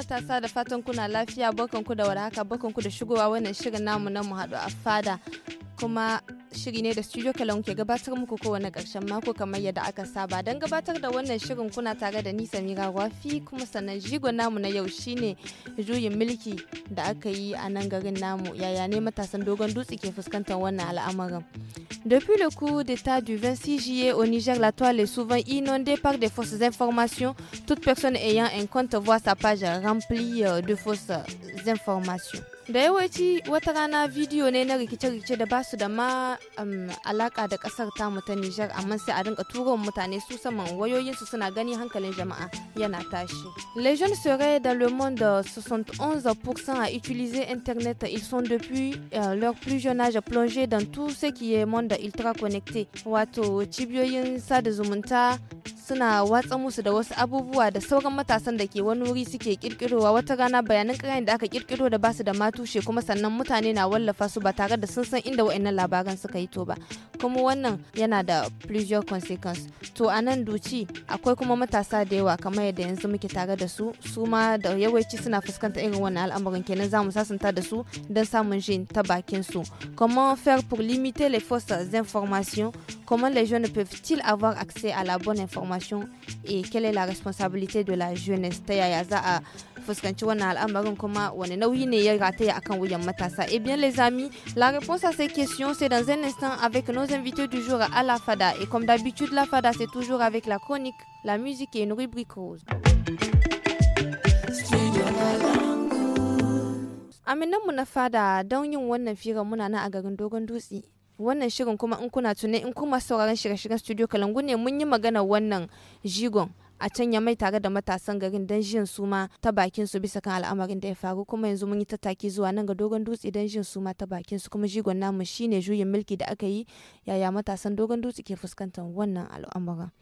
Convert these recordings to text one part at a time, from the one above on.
matasa da fatan kuna lafiya bakanku da warhaka bakanku da shigowa wannan shirin namu na mu haɗu a fada kuma shiri ne da studio kalon ke gabatar muku kowane karshen mako kamar yadda aka saba don gabatar da wannan shirin kuna tare da nisa samira wafi kuma sannan jigo namu na yau shine juyin mulki da aka yi a nan garin namu yaya ne matasan dogon dutse ke fuskantar wannan al'amarin Depuis le coup d'état du 26 juillet au Niger, la toile est souvent inondée par des fausses informations. Toute personne ayant un compte voit sa page remplie euh, de fausses euh, informations da yawanci wata rana bidiyo ne na rikice-rikice da basu da ma um, alaka da kasar tamu ta Nijar amma sai a rinka turo mutane su saman wayoyinsu suna gani hankalin jama'a yana tashi. Les jeunes seraient dans le monde 71% à utiliser Internet. Ils sont depuis euh, leur plus jeune âge plongé dans tout ce qui est monde ultra connecté. Wato cibiyoyin sada zumunta suna watsa musu da wasu abubuwa da sauran matasan da ke wani wuri suke kirkirowa wata rana bayanan kayan da aka kirkiro da basu da matushe kuma sannan mutane na wallafa su ba tare da sun san inda wa'annan labaran suka yi to ba kuma wannan yana da pleasure consequence to a nan duci akwai kuma matasa da yawa kamar yadda yanzu muke tare da su su ma da yawanci suna fuskantar irin wannan al'amarin kenan za mu sasanta da su don samun jin ta bakin su comment faire pour limiter les fausses informations comment les jeunes peuvent-ils avoir accès à la bonne information et quelle est la responsabilité de la jeunesse et eh bien les amis la réponse à ces questions c'est dans un instant avec nos invités du jour à la fada et comme d'habitude la fada c'est toujours avec la chronique la musique et une rubrique rose mu fada don yin wannan firar muna nan a garin dogon wannan shirin kuma in kuna tuni in kuma sauraron shirye-shiryen studio kalangu ne mun yi magana wannan jigon a can ya mai tare da matasan garin don jin su ma ta bakin su bisa kan al'amarin da ya faru kuma yanzu mun yi tattaki zuwa nan ga dogon dutse don jin su ma ta bakin su kuma jigon namu shine juyin mulki da aka yi yaya matasan dogon dutse ke fuskantar wannan al'amarin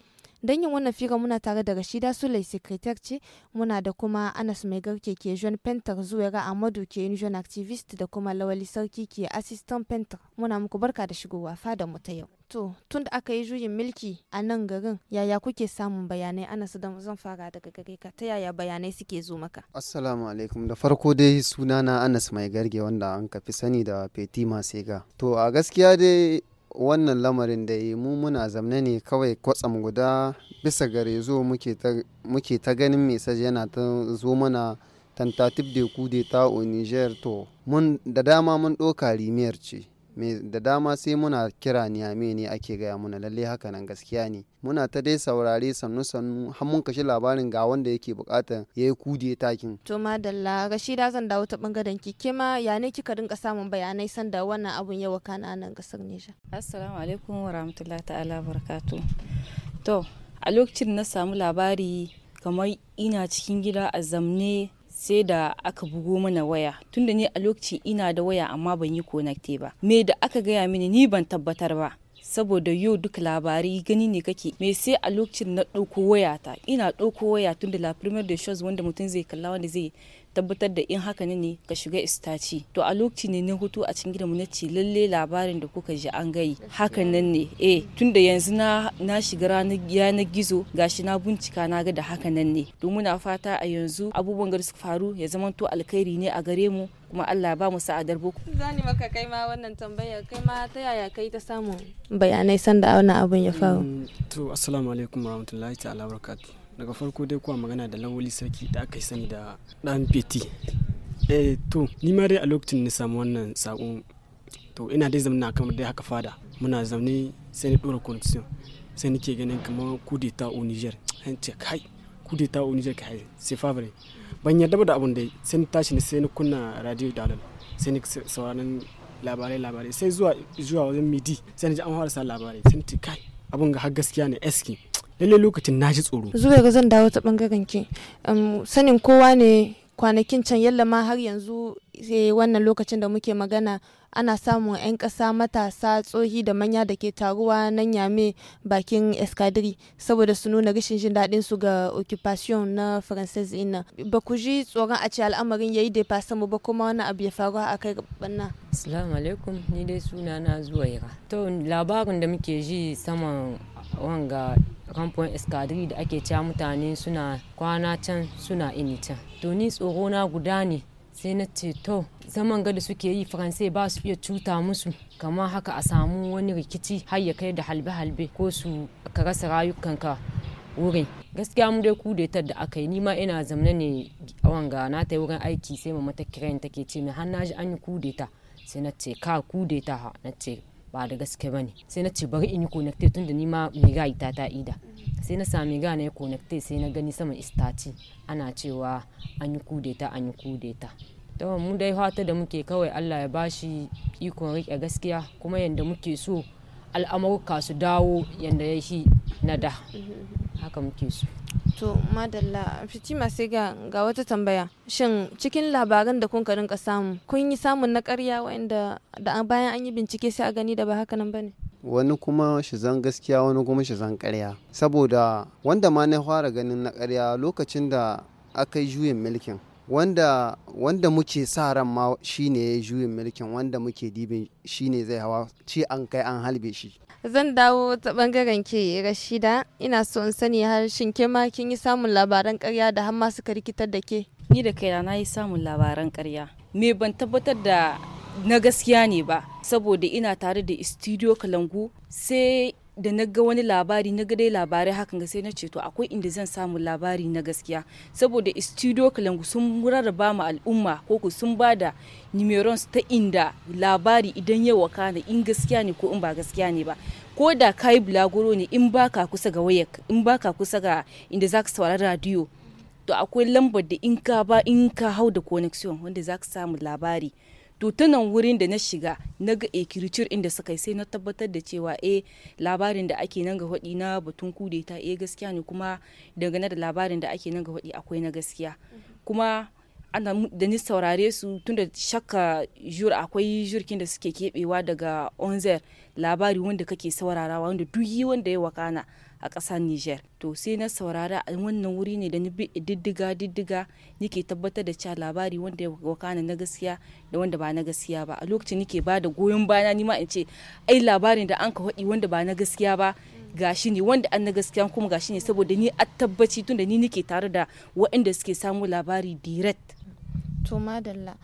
Don yin wannan fira muna tare da Rashida Sulai Sekretar ce, muna da kuma Anas Mai Garke ke Jean Painter Zuwaira Amadu ke yin john Activist da kuma Lawali Sarki ke Assistant Painter. Muna muku barka da shigowa fada mu ta yau. To, tun da aka yi juyin milki a nan garin, yaya kuke samun bayanai Anas da zan fara daga gare ka, ta yaya bayanai suke zo maka? Assalamu alaikum, da farko dai sunana Anas Mai Garge wanda an kafi sani da Fetima Sega. To, a gaskiya dai wannan lamarin da yi mu muna zamne ne kawai kwatsam guda bisa gare zo muke ta ganin mesaj yana ta zo mana tantatif de ya ta au niger to mun da dama mun ɗoka rimiyar ce da dama sai muna kira niyame ne ake gaya muna lalle haka nan gaskiya ne muna ta dai saurari sannu sannu har mun kashi labarin ga wanda yake bukata ya yi kuje takin to madalla rashida zan dawo ta bangaren kike ma ya ne kika dinka samun bayanai sanda wannan abun ya kana nan kasar Nijar assalamu alaikum wa rahmatullahi ta'ala barakatu to a lokacin na samu labari kamar ina cikin gida a zamne sai da aka bugo mana waya tunda ni a lokaci ina da waya amma ban yi konate ba me da aka gaya mini ni ban tabbatar ba saboda yau duk labarai gani ne kake me sai a lokacin na ɗauko wayata ina ɗauko waya tunda da la premier de choses wanda mutum zai kalla wanda zai tabbatar da in haka ne ka shiga istaci to a lokaci ne na hutu a cikin gidanmu na ce lalle labarin da kuka ji an gayi hakan nan ne eh tunda yanzu na na shiga ranar yanar gizo gashi na bincika na ga da hakan nan ne don muna fata a yanzu abubuwan da suka faru ya zama to alkhairi ne a gare mu kuma Allah ba mu sa'adar boko zani maka kai ma wannan tambaya kai ma ta yaya kai ta samu bayanai sanda wannan abun ya faru mm, to assalamu alaikum warahmatullahi ta'ala barakatuh daga farko dai kuwa magana da lawali sarki da aka yi sani da dan peti eh to ni ma dai a lokacin na samu wannan sakon to ina dai na kamar dai haka fada muna zaune sai ni dora condition sai nake ganin kamar kudeta a niger an ce kai kudeta a niger kai sai fabre ban yarda da abun dai sai ni tashi ni sai ni kunna radio dalal sai ni sauraron labarai labarai sai zuwa zuwa wajen midi sai ni ji an fara sa labarai sai ni ce kai abun ga har gaskiya ne eski lallai lokacin na ji tsoro zuwa ga zan dawo ta bangaren ki sanin kowa ne kwanakin can yalla ma har yanzu eh, wannan lokacin da muke magana ana samun 'yan kasa matasa tsohi da manya da ke taruwa nan yame bakin escadri saboda su nuna rashin jin daɗin su ga occupation na frances ina ba ku ji tsoron a ce al'amarin ya yi da fasa mu ba kuma wani abu ya faru a kai banna assalamu alaikum ni dai suna na zuwaira to labarin da muke ji saman wanga rampon eskadiri da ake cewa mutane suna kwana can suna ini can to ni tsoro na guda ne sai na ce to zaman gada suke yi faranse ba su iya cuta musu kamar haka a samu wani rikici har ya kai da halbe-halbe ko su ka rasa rayukanka wurin gaskiya mu dai kudetar da aka yi ni ma ina zamna ne a wanga na ta wurin aiki sai mamata kiran take ce mai har na ji an yi kudeta sai na ce ka kudeta ha na ce ba da gaske bane sai na ce bari in yi tun da ni ma ga ita ta ida sai na sami gane ya connecte sai na gani saman istaci ana cewa an yi kudeta an yi kudeta tawon mu dai fata da muke kawai Allah ya bashi ikon rike gaskiya kuma yadda muke so al'amurka su dawo yadda ya shi na da haka muke su to madalla fitima sai ga ga wata tambaya shin cikin labaran da kun rinka samu kun yi samun na karya wa'anda da bayan an yi bincike sai a gani da ba haka nan bane wani kuma shi zan gaskiya wani kuma shi zan karya saboda wanda ma na fara ganin na karya lokacin da aka yi juyin milkin. wanda wanda muke sa ran ma shine ya juyin mulkin wanda muke dibin shine zai hawa ce an kai an halbe shi zan dawo ta bangaren ke rashida ina so in sani har shin ke ma kin yi samun labaran karya da har suka rikitar da ke ni da kaina na yi samun labaran karya me ban tabbatar da na gaskiya ne ba saboda ina tare da studio kalangu sai da na ga wani labari na ga dai labarai hakan ga sai na ce to akwai inda zan samu labari na gaskiya saboda studio kalangu sun rarraba ma al'umma ko ku sun ba da numerons ta inda labari idan ya wakana in gaskiya ne ko in ba gaskiya ne ba ko da ka yi bulaguro ne in ba ka kusa ga wayar in ba ka kusa ga inda za ka saurari radio to akwai lambar da in ka ba in ka hau da connection wanda za ka samu labari to wurin da na shiga na ga ekiritur inda suka yi sai na tabbatar da cewa eh labarin da ake nan ga hudi na batun kudeta eh gaskiya ne kuma dangane da labarin da ake nan ga hudi akwai na gaskiya kuma ana da ni saurare su tunda shakka jur akwai jurkin da suke kebewa daga onzer labari wanda kake saurarawa wanda duk wanda ya wakana a ƙasar niger to sai na saurara a wannan wuri ne da ni bi diddiga diddiga nike tabbatar da cewa labari wanda ya wakana na gaskiya da wanda ba na gaskiya ba a lokacin nike ba da goyon bayana ni ma in ce ai labarin da an ka haɗi wanda ba na gaskiya ba gashi ne wanda an na gaskiya kuma gashi ne saboda ni a tabbaci tunda ni nike tare da waɗanda suke samu labari direct to madalla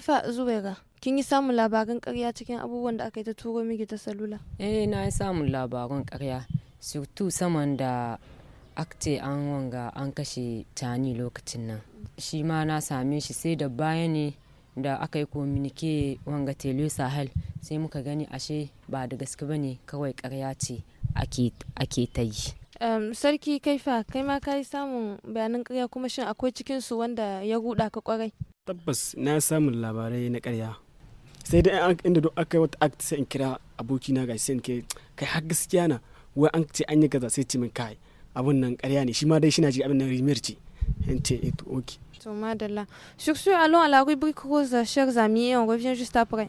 fa zuwera kin yi samun labarin karya cikin abubuwan da aka yi ta turo miki ta salula eh na yi samun labarin karya surtu saman da akte an wanga an kashe tani lokacin nan shi ma na same shi sai da baya ne da aka yi kominike wanga tele sahel sai muka gani ashe ba da gaske ba ne kawai karya ce ake ta yi sarki kaifa kai ma ka yi samun bayanan karya kuma shin akwai cikinsu wanda ya ruda ka kwarai tabbas na samun labarai na karya sai dai inda duk aka yi wata act sai in kira abokina ga sai in kai har gaskiya na wai an ce an yi kaza sai ce min kai abun nan ƙarya ne shi ma dai shina ji abin nan rimer ce in ce eh okay to madalla sur ce allons à la rubrique rose chers amis on revient juste après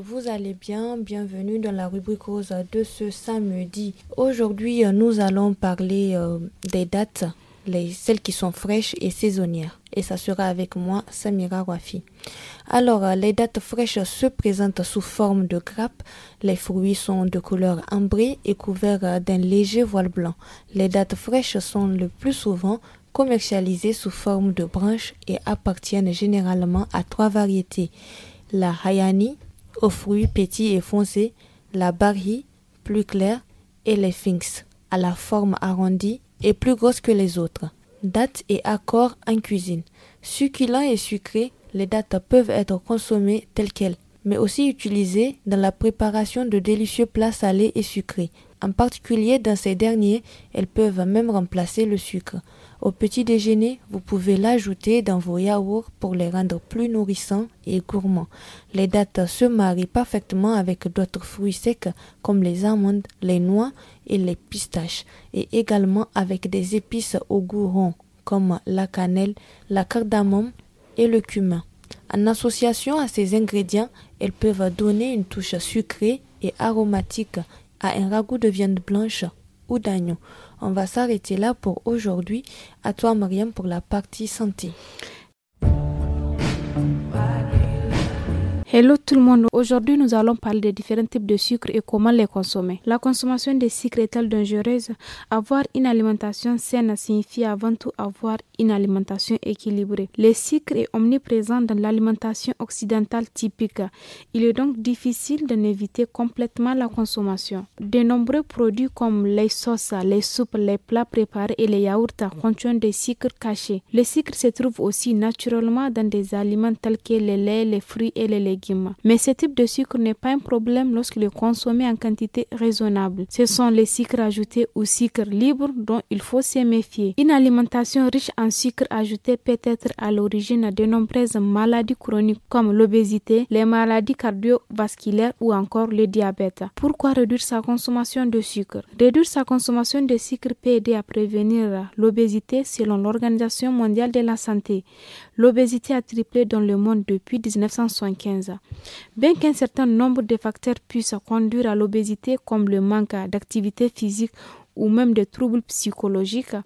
vous allez bien. Bienvenue dans la rubrique rose de ce samedi. Aujourd'hui, euh, nous allons parler euh, des dates, celles qui sont fraîches et saisonnières. Et ça sera avec moi, Samira Wafi. Alors, euh, les dates fraîches se présentent sous forme de grappes. Les fruits sont de couleur ambrée et couverts d'un léger voile blanc. Les dates fraîches sont le plus souvent commercialisées sous forme de branches et appartiennent généralement à trois variétés la Hayani, aux fruits petits et foncés, la barhi plus claire et les sphinx à la forme arrondie et plus grosse que les autres. Dates et accords en cuisine. Succulents et sucrés, les dates peuvent être consommées telles quelles, mais aussi utilisées dans la préparation de délicieux plats salés et sucrés. En particulier dans ces derniers, elles peuvent même remplacer le sucre. Au petit déjeuner, vous pouvez l'ajouter dans vos yaourts pour les rendre plus nourrissants et gourmands. Les dattes se marient parfaitement avec d'autres fruits secs comme les amandes, les noix et les pistaches, et également avec des épices au goût rond comme la cannelle, la cardamome et le cumin. En association à ces ingrédients, elles peuvent donner une touche sucrée et aromatique à un ragoût de viande blanche ou d'agneau. On va s'arrêter là pour aujourd'hui. À toi, Mariam, pour la partie santé. Hello tout le monde, aujourd'hui nous allons parler des différents types de sucre et comment les consommer. La consommation des sucres est-elle dangereuse Avoir une alimentation saine signifie avant tout avoir une alimentation équilibrée. Le sucre est omniprésent dans l'alimentation occidentale typique. Il est donc difficile d'en éviter complètement la consommation. De nombreux produits comme les sauces, les soupes, les plats préparés et les yaourts contiennent des sucres cachés. Le sucre se trouve aussi naturellement dans des aliments tels que les lait, les fruits et les légumes mais ce type de sucre n'est pas un problème lorsqu'il est consommé en quantité raisonnable. Ce sont les sucres ajoutés ou sucres libres dont il faut se méfier. Une alimentation riche en sucres ajoutés peut être à l'origine de nombreuses maladies chroniques comme l'obésité, les maladies cardiovasculaires ou encore le diabète. Pourquoi réduire sa consommation de sucre Réduire sa consommation de sucre peut aider à prévenir l'obésité selon l'Organisation mondiale de la santé l'obésité a triplé dans le monde depuis 1975. Bien qu'un certain nombre de facteurs puissent conduire à l'obésité, comme le manque d'activité physique ou même des troubles psychologiques,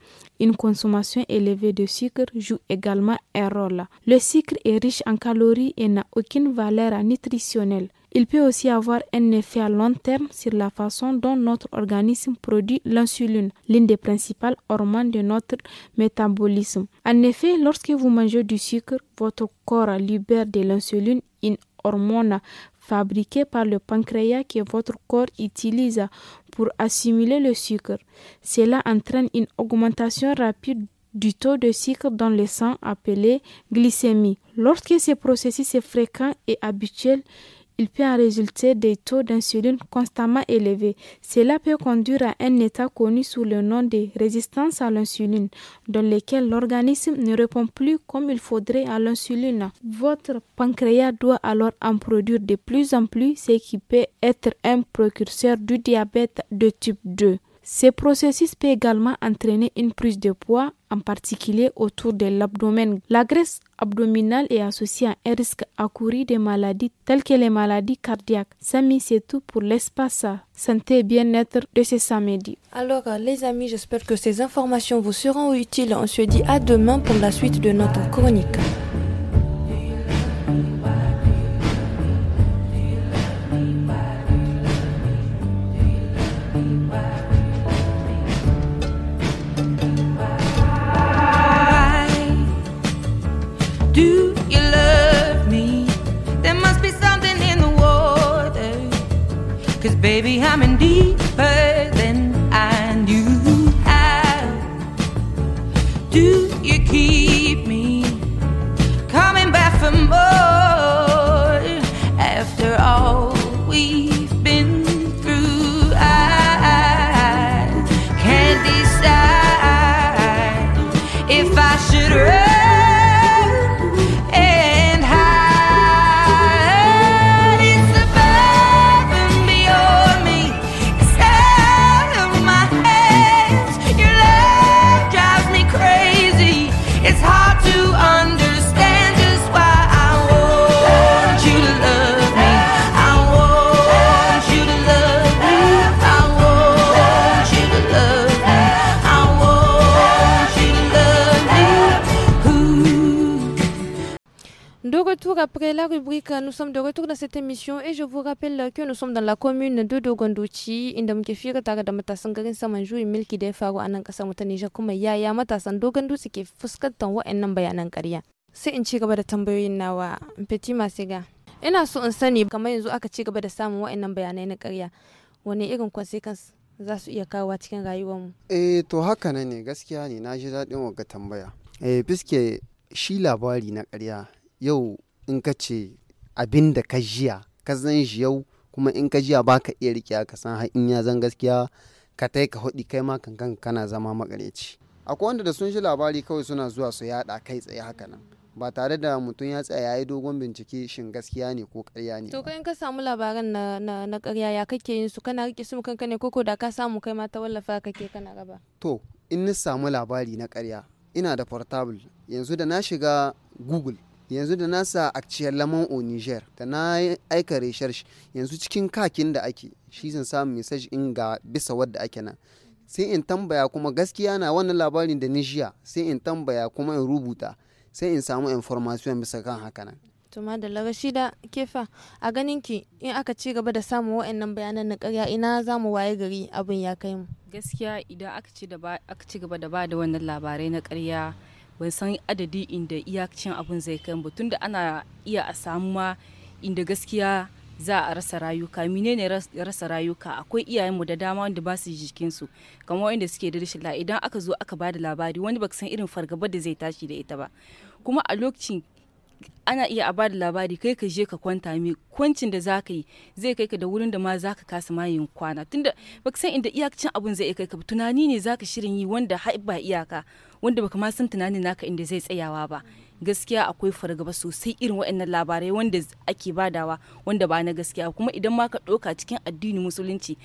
une consommation élevée de sucre joue également un rôle. Le sucre est riche en calories et n'a aucune valeur nutritionnelle. Il peut aussi avoir un effet à long terme sur la façon dont notre organisme produit l'insuline, l'une des principales hormones de notre métabolisme. En effet, lorsque vous mangez du sucre, votre corps libère de l'insuline, une hormone fabriquée par le pancréas que votre corps utilise pour assimiler le sucre. Cela entraîne une augmentation rapide du taux de sucre dans le sang appelé glycémie. Lorsque ce processus est fréquent et habituel, il peut en résulter des taux d'insuline constamment élevés. Cela peut conduire à un état connu sous le nom de résistance à l'insuline, dans lequel l'organisme ne répond plus comme il faudrait à l'insuline. Votre pancréas doit alors en produire de plus en plus, ce qui peut être un précurseur du diabète de type 2. Ce processus peut également entraîner une prise de poids, en particulier autour de l'abdomen. La graisse abdominale est associée à un risque accouru de maladies telles que les maladies cardiaques. Samy, c'est tout pour l'espace santé et bien-être de ce samedi. Alors, euh, les amis, j'espère que ces informations vous seront utiles. On se dit à demain pour la suite de notre chronique. retour après la rubrique. Nous sommes de retour dans cette émission et je vous rappelle que nous sommes dans la commune de Dogondouchi, inda muke fira tare da matasan garin Samanju Emil milki da ya faru a nan kasar mu kuma yaya matasan Dogondouchi ke fuskantar wa'annan bayanan ƙarya. Sai in ci gaba da tambayoyin nawa Petit Masiga. Ina so in sani kamar yanzu aka ci gaba da samun wa'annan bayanai na ƙarya. Wane irin consequence za su iya kawo cikin rayuwarmu? Eh to haka ne gaskiya ne na ji daɗin ga tambaya. Eh fiske shi labari na ƙarya yau in ka ce abin da ka jiya ka san shi yau kuma in ka jiya ba ka iya riƙe ka san har in ya zan gaskiya ka tai ka hudi kai ma kankan kana zama makareci akwai wanda da sun shi labari kawai suna zuwa su yada kai tsaye haka nan ba tare da mutum ya tsaya ya dogon bincike shin gaskiya ne ko karya ne to kai in ka samu labaran na na, na ƙarya ya kake yin su kana rike su kanka ne koko da ka samu kai ma ta wallafa kake kana raba to in ni samu labari na karya ina da portable yanzu da na shiga google yanzu da na sa ciyar lamon o niger da na aika research yanzu cikin kakin da ake shi zan samu message in ga bisa wadda ake nan sai in tambaya kuma gaskiya na wannan labarin da nijiya sai in tambaya kuma in rubuta sai in samu information bisa kan haka nan tuma da lagashi da kefa a ganin ki in aka ci gaba da samun wa'annan bayanan na karya ina za mu waye gari abin ya kai mu gaskiya idan aka ci gaba da ba da wannan labarai na karya ban san adadi inda iyakacin abun zai kai ba tunda ana iya a samu ma inda gaskiya za a rasa rayuka menene rasa rayuka akwai iyayenmu da dama wanda ba su jikinsu kamar wanda suke da rashin idan aka zo aka bada labari wani baka san irin fargabar da zai tashi da ita ba kuma a lokacin ana iya a da labari kai ka je ka kwanta mai kwancin da za ka yi zai kai ka da wurin da ma za ka kasa ma yin kwana tunda baka san inda iyakacin abun zai kai ka tunani ne za ka shirin yi wanda har ba iyaka wanda baka ma san tunanin naka inda zai tsayawa ba gaskiya akwai fargaba sosai irin waɗannan labarai wanda ake badawa wanda ba na gaskiya kuma idan ma ka ɗauka cikin addini musulunci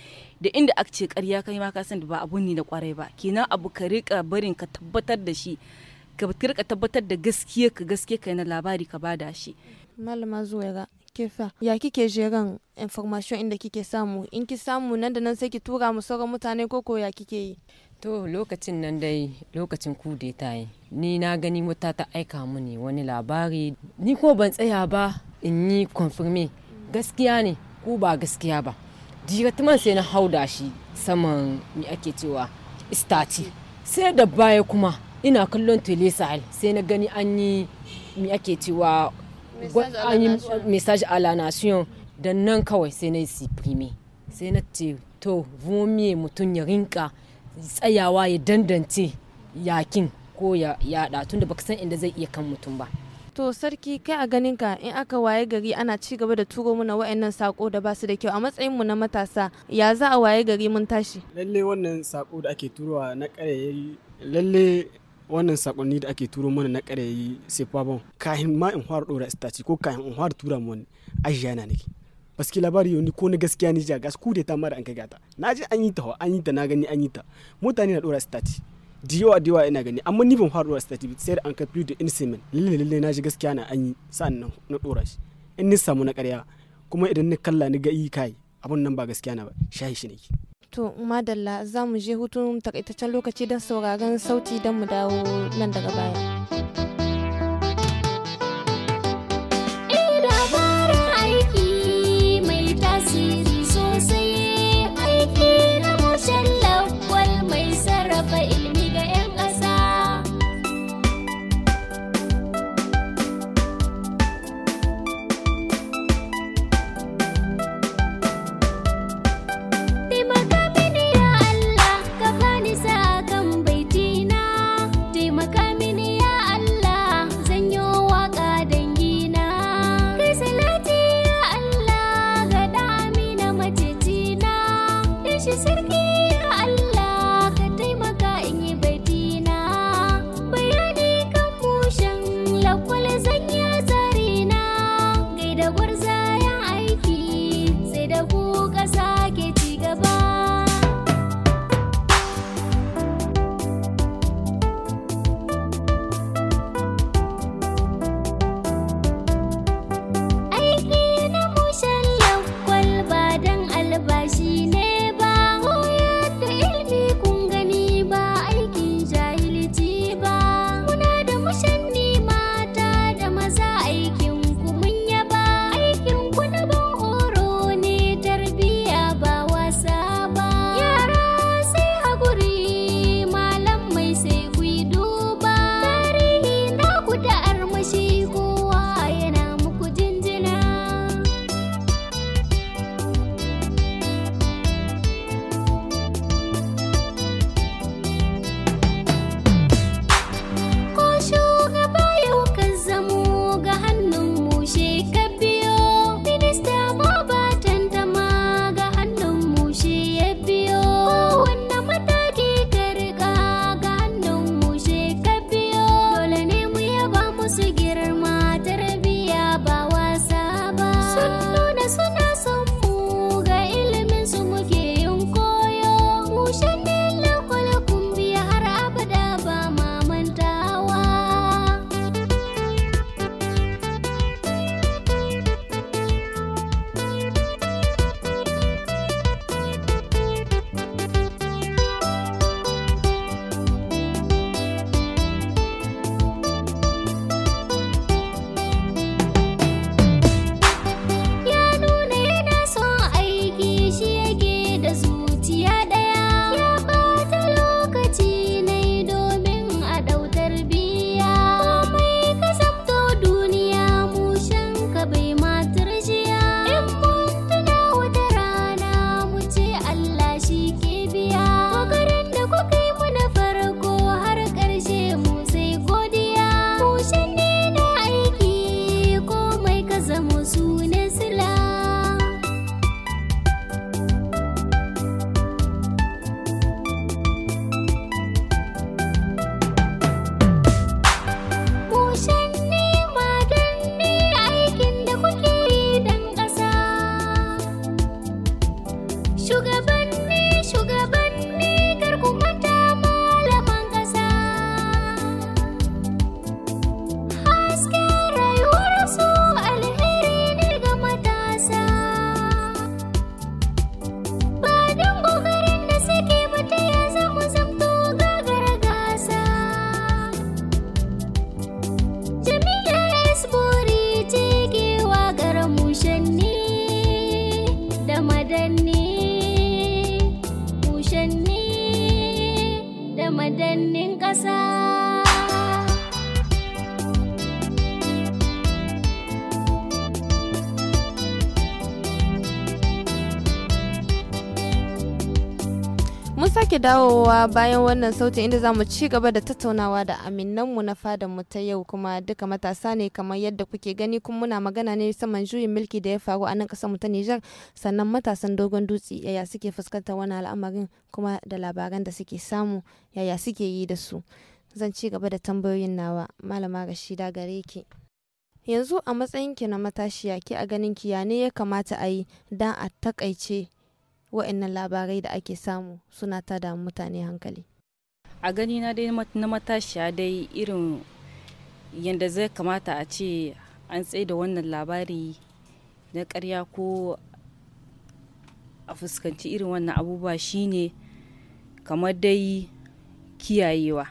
da inda aka ce ƙarya kai ma ka san da ba abun ne na kwarai ba kenan abu ka riƙa barin ka tabbatar da shi ka rika tabbatar da gaskiya ka gaskiya ka na labari ka bada shi malama zuwa kifa ya kike jeran information inda kike samu in ki samu nan da nan sai ki tura mu sauran mutane ko ko ya kike yi to lokacin nan dai lokacin ta yi ni na gani wata ta aika mini wani labari ni ko ban tsaya ba in yi confirme gaskiya ne ko ba gaskiya ba direktman sai na hau da shi saman me ake cewa istati sai da baya kuma ina kallon tele sahel sai na gani an yi mi ake cewa an yi message a la nation don nan kawai sai na yi supreme sai na ce to vomiye mutum ya rinka tsayawa ya dandance yakin ko ya yada tunda baka san inda zai iya kan mutum ba to sarki kai a ganin ka in aka waye gari ana ci gaba da turo mana wa'annan sako da basu da kyau a matsayin mu na matasa ya za a waye gari mun tashi lalle wannan sako da ake turowa na ƙarayayi lalle wannan sakonni da ake turo mana na yi sai fabon kahin ma in fara dora istaci ko kahin in fara tura mu wani ajiya na nake baski labari yau ni ko na gaskiya ni jagas ku da ta mara an kai gata na ji an yi ta an yi ta na gani an yi ta mutane na ɗora istaci diyawa diwa ina gani amma ni ban fara dora istaci sai an an fi da insimen lalle lalle na ji gaskiya na an yi sa'an na dora shi in ni samu na karya kuma idan ni kalla ni ga yi kai abun nan ba gaskiya na ba shahi shi nake To, madalla za mu je hutun takaitaccen lokaci don sauraron sauti don mu dawo nan daga baya. sake dawowa bayan wannan sautin inda za mu ci gaba da tattaunawa da mu na mu ta yau kuma duka matasa ne kamar yadda kuke gani kuma muna magana ne saman juyin mulki da ya faru a nan kasar mu ta Nijar sannan matasan dogon dutse yaya suke fuskantar wani al'amarin kuma da labaran da suke samu yaya suke yi da su zan ci gaba da tambayoyin nawa malama Rashida gare ki yanzu a matsayinki na matashiya ki a ganin ki ya ne ya kamata a yi don a takaice wa'annan labarai da ake samu suna ta da mutane hankali a gani na dai na matashiya dai irin yadda zai kamata a ce an tsaye da wannan labari na karya ko a fuskanci irin wannan abubuwa shine kamar dai kiyayewa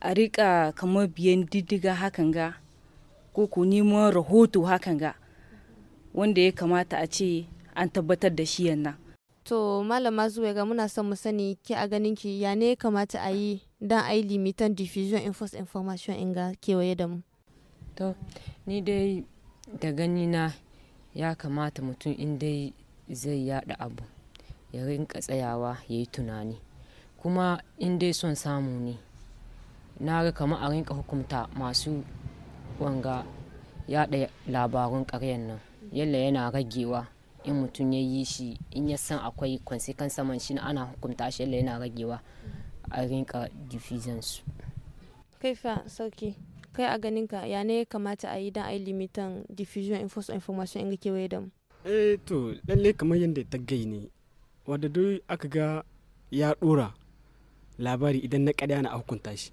a rika kamar biyan diddiga hakan ga ko ku neman rahoto hakan ga wanda ya kamata a ce an tabbatar da shi yannan to malama zuwa ga muna son mu sani ki a ganin ki ya ne kamata a yi don a yi limitan diffusion in first information in ga kewaye da mu to ni dai da gani na ya kamata mutum in dai zai yada abu ya rinka tsayawa ya yi tunani kuma in dai son samu ne na ga kama a rinka hukunta masu wanga yada labarun karyan nan yalla yana ragewa in mutum ya yi shi in ya san akwai kan saman shi ana hukunta shi yana ragewa a rinka diffusion su kai fa sauki kai a ganin ka ya ne kamata a yi don a yi limitan diffusion infos information in ga kewaye da mu eh to lalle kamar yadda ta gai ne wadda duk aka ga ya dora labari idan na ƙarya na a hukunta shi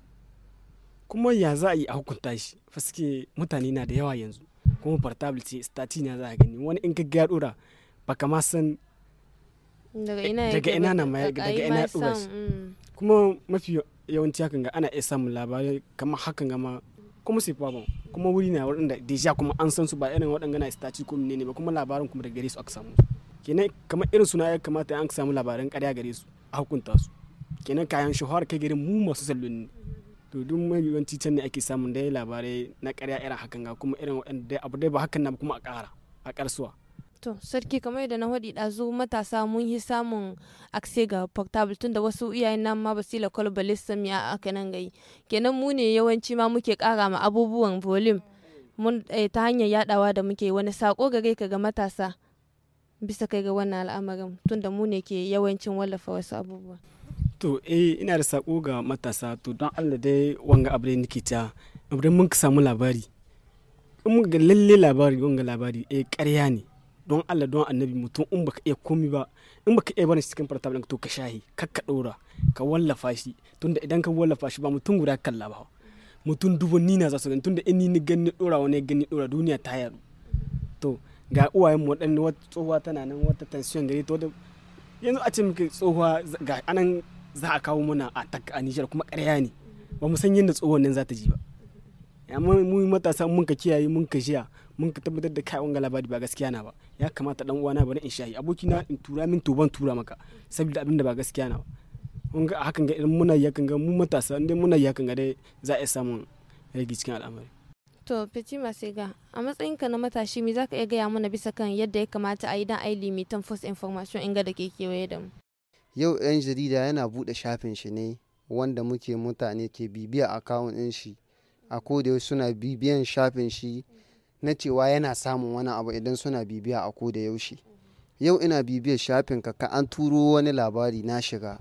kuma ya za a yi a hukunta shi fa suke mutane na da yawa yanzu kuma portable ce stati na za a gani wani in ka ga ya dora baka ma san daga eh, ina na ma daga ina ubas mm. kuma mafi yawanci hakan ga ana iya samun labarai kamar hakan ga ma kuma sai fa kuma wuri na waɗanda deja kuma an san su ba irin waɗanda na istaci ko menene ba kuma labarin kuma daga gare su aka samu kenan kamar irin suna ya kamata an samu labaran ƙarya gare su a hukunta su kenan kayan shahar kai garin mu masu sallon ne to duk yawanci can ne ake samun dai labarai na ƙarya irin hakan ga kuma irin waɗanda abu dai ba hakan na kuma a ƙara a ƙarsuwa To, sarki kamar yadda na faɗi ɗazu matasa mun yi samun akse ga portable tunda wasu iyayen nan ma basu la kwalba lissan ya aka nan gai. Kenan mu ne yawanci ma muke ƙara ma abubuwan volume mun eh, ta hanyar yaɗawa da muke wani sako ga ka ga matasa bisa kai ga wannan al'amarin tunda mu ne ke yawancin wallafa wasu abubuwa. To, eh ina da sako ga matasa to don Allah dai wanga abu dai nake ta, abu mun samu labari. In muka ga lalle labari wanga labari eh ƙarya ne. don Allah don annabi mutum in baka iya komi ba in baka iya bane cikin portable to ka shahi kar ka dora ka wallafa shi tunda idan ka wallafa shi ba mutum guda kalla ba mutum dubanni na za su gani tunda in ni gani dora wani gani dora duniya ta yaro to ga uwayen mu wadanne wata tsohuwa tana nan wata tension gare ta yanzu a ce muke tsohuwa ga anan za a kawo muna a tak a Niger kuma ƙarya ne ba mu san yadda tsohuwan nan za ta ji ba amma mu matasa mun ka kiyaye mun ka jiya mun ka tabbatar da kai galaba labari ba gaskiya na ba ya kamata dan uwana bari in shahi aboki na in tura min toban tura maka saboda abin da ba gaskiya na ba mun ga hakan ga irin muna yakan ga mu matasa inda muna kan ga dai za a samu rage cikin al'amari to fiti masiga a matsayinka na matashi me zaka iya gaya mana bisa kan yadda ya kamata a yi dan ai limitan first information inga da ke kewaye da mu yau yan jarida yana bude shafin shi ne wanda muke mutane ke bibiya a din shi a koda suna bibiyan shafin shi na cewa yana samun wani abu idan suna bibiya a ko da yaushe yau ina bibiyar shafin ka ka an turo wani labari na shiga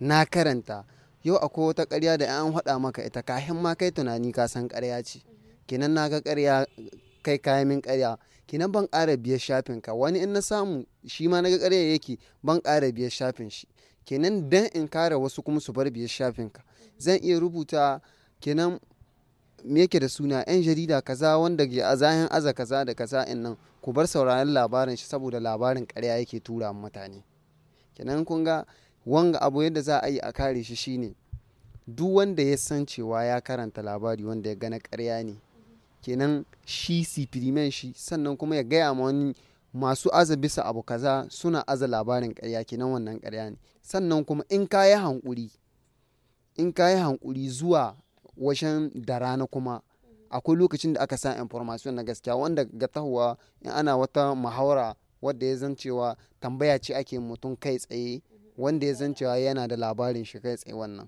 na karanta yau akwai wata karya da an haɗa maka ita kahin ma kai tunani ka san karya ce kinan na ga karya kai kayan min karya kinan ban ƙara biyar shafin ka wani in na samu shi ma na ga karya yake ban ƙara biyar shafin shi kenan dan in kare wasu kuma su bar biyar shafin ka zan iya rubuta kenan me yake da suna yan jarida kaza wanda ke a zahin aza kaza da kaza in nan ku bar sauraron labarin shi saboda labarin karya yake tura mutane kenan kun ga wanga abu yadda za a yi a kare shi shine duk wanda ya san cewa ya karanta labari wanda ya gana karya ne kenan shi sifirimen shi sannan kuma ya gaya ma wani masu aza bisa abu kaza suna aza labarin karya kenan wannan karya ne sannan kuma in ka yi hankuri in ka yi hankuri zuwa washen da rana kuma akwai lokacin da aka sa information na gaskiya wanda ga tahuwa in ana wata muhawara wadda ya zan cewa tambaya ce ake mutum kai tsaye wanda ya zan cewa yana da labarin shi kai tsaye wannan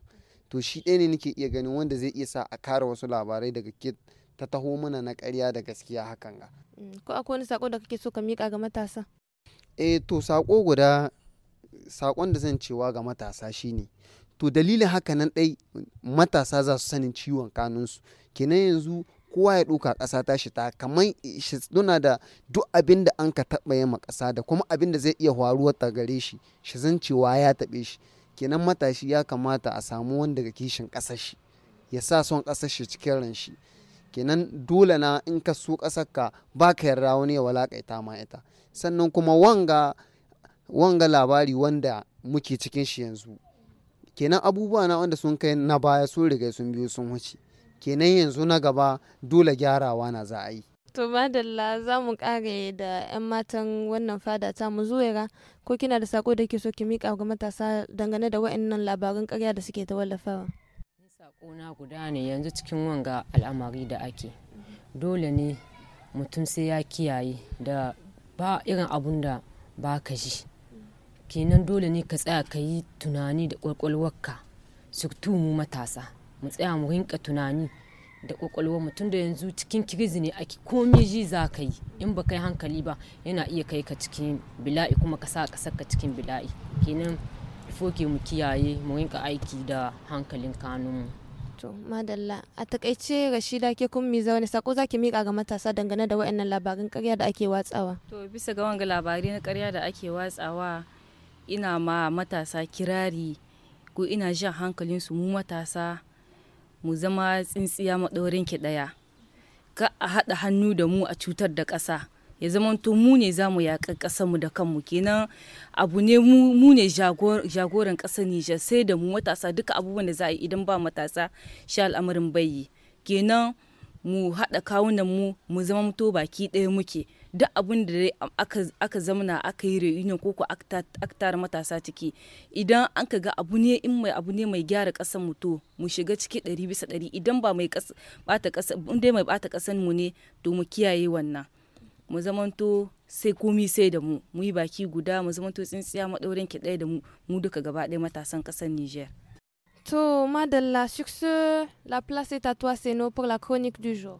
to shi ɗaya ne nake iya ganin wanda zai iya sa a kare wasu labarai daga kit ta taho mana na karya da gaskiya hakan ga mm, ko akwai wani sako da kake so ka miƙa ga matasa eh to sako guda sakon da zan cewa ga matasa shine to dalilin haka nan ɗai matasa za su sanin ciwon kanunsu kenan yanzu kowa ya ɗauka ƙasa ta shi ta kamar shi nuna da duk abin da an ka taɓa yamma ƙasa da kuma abin da zai iya faruwa ta gare shi shi zan cewa ya taɓe shi kenan matashi ya kamata a samu wanda ga kishin ƙasar shi ya sa son ƙasar shi cikin ran shi kenan dole na in ka so ƙasar ka ba ka yarda wani ya walaƙaita ma ita sannan kuma wanga wanga labari wanda muke cikin shi yanzu kenan abubuwa na wanda sun kai na baya sun riga sun biyu sun wuce kenan yanzu na gaba dole gyarawa na za a yi to madalla za mu kare da 'yan matan wannan fada ta mu zuwera ko kina da sako da ke so ki miƙa ga matasa dangane da wa'annan labaran karya da suke ta wallafawa na guda ne yanzu cikin wanga al'amari da ake dole ne mutum sai ya kiyaye da ba irin abun da ba ka ji kenan dole ne ka tsaya ka yi tunani da kwakwalwarka su mu matasa mu tsaya mu rinka tunani da kwakwalwar mu da yanzu cikin kirizi ne ake komi ji za ka yi in ba kai hankali ba yana iya kai ka cikin bila'i kuma ka sa ka saka cikin bila'i kenan foke mu kiyaye mu rinka aiki da hankalin kanunmu to madalla a takaice rashida ke kun mi zaune sako zaki mika ga matasa dangane da waɗannan labarin karya da ake watsawa to bisa ga wanga labari na karya da ake watsawa ina ma matasa kirari ko ina jan hankalinsu mu matasa mu zama tsintsiya maɗaurin ki ɗaya ka a haɗa hannu da mu a cutar da ƙasa ya zama to mu ne za mu yaƙi ƙasarmu da kanmu kenan abu ne mu ne jagoran ƙasar Nijar sai da mu matasa duka abubuwan da za a yi idan ba matasa sha al'amarin bayi kenan mu haɗa kawunan mu mu zama mutu baki ɗaya muke duk abin da aka zamana aka yi reunion ko ko aka tara matasa ciki idan an ka ga abu ne in mai abu ne mai gyara kasan mu to mu shiga ciki ɗari bisa ɗari idan ba mai bata kasan dai mai bata kasan mu ne to mu kiyaye wannan mu zamanto sai komi sai da mu mu yi baki guda mu zamanto tsintsiya maɗaurin ki ɗaya da mu mu duka gaba ɗaya matasan kasan Niger. To madalla sur la place est à toi Seno pour la chronique du jour.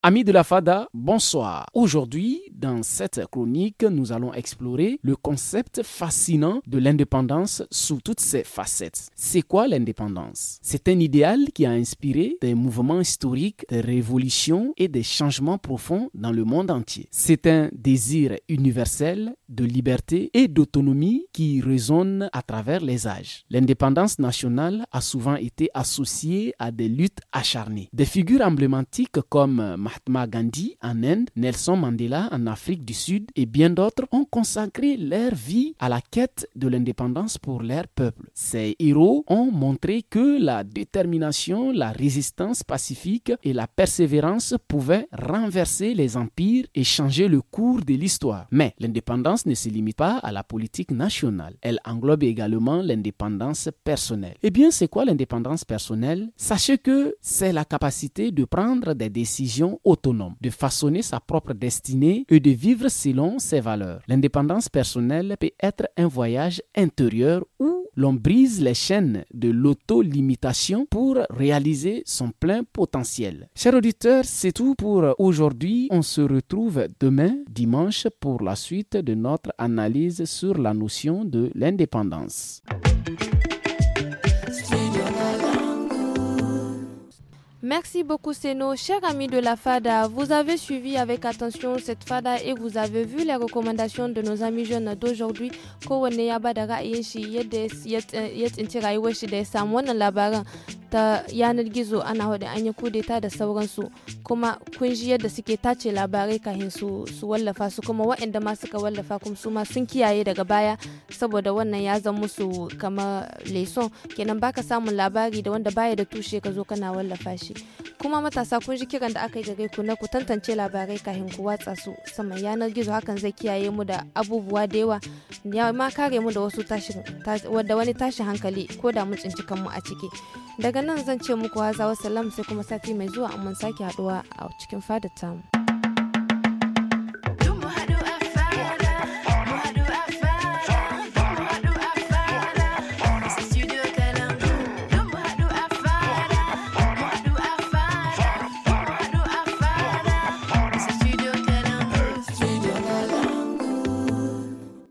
Amis de la FADA, bonsoir. Aujourd'hui, dans cette chronique, nous allons explorer le concept fascinant de l'indépendance sous toutes ses facettes. C'est quoi l'indépendance C'est un idéal qui a inspiré des mouvements historiques, des révolutions et des changements profonds dans le monde entier. C'est un désir universel de liberté et d'autonomie qui résonne à travers les âges. L'indépendance nationale a souvent été associée à des luttes acharnées. Des figures emblématiques comme Mahatma Gandhi en Inde, Nelson Mandela en Afrique du Sud et bien d'autres ont consacré leur vie à la quête de l'indépendance pour leur peuple. Ces héros ont montré que la détermination, la résistance pacifique et la persévérance pouvaient renverser les empires et changer le cours de l'histoire. Mais l'indépendance ne se limite pas à la politique nationale. Elle englobe également l'indépendance personnelle. Eh bien, c'est quoi l'indépendance personnelle Sachez que c'est la capacité de prendre des décisions autonome, de façonner sa propre destinée et de vivre selon ses valeurs. L'indépendance personnelle peut être un voyage intérieur où l'on brise les chaînes de l'auto-limitation pour réaliser son plein potentiel. Chers auditeurs, c'est tout pour aujourd'hui. On se retrouve demain, dimanche, pour la suite de notre analyse sur la notion de l'indépendance. Merci beaucoup Seno. Chers amis de la FADA, vous avez suivi avec attention cette FADA et vous avez vu les recommandations de nos amis jeunes d'aujourd'hui. ta yanar gizo ana hudu an yi kudeta da sauransu kuma kun ji yadda suke tace labarai kahin su su wallafa su kuma waɗanda ma suka wallafa kuma su ma sun kiyaye daga baya saboda wannan ya zama musu kamar leson kenan baka samun labari da wanda baya da tushe ka zo kana wallafa shi kuma matasa kun ji kiran da aka yi gare ku na ku tantance labarai kahin ku watsa su sama yanar gizo hakan zai kiyaye mu da abubuwa da yawa ya ma kare mu da wasu tashin da wani tashin hankali ko da mu tsinci kanmu a ciki daga daga nan zan ce muku hazawa salam sai kuma sati mai zuwa mun sake haduwa a cikin fadar tamu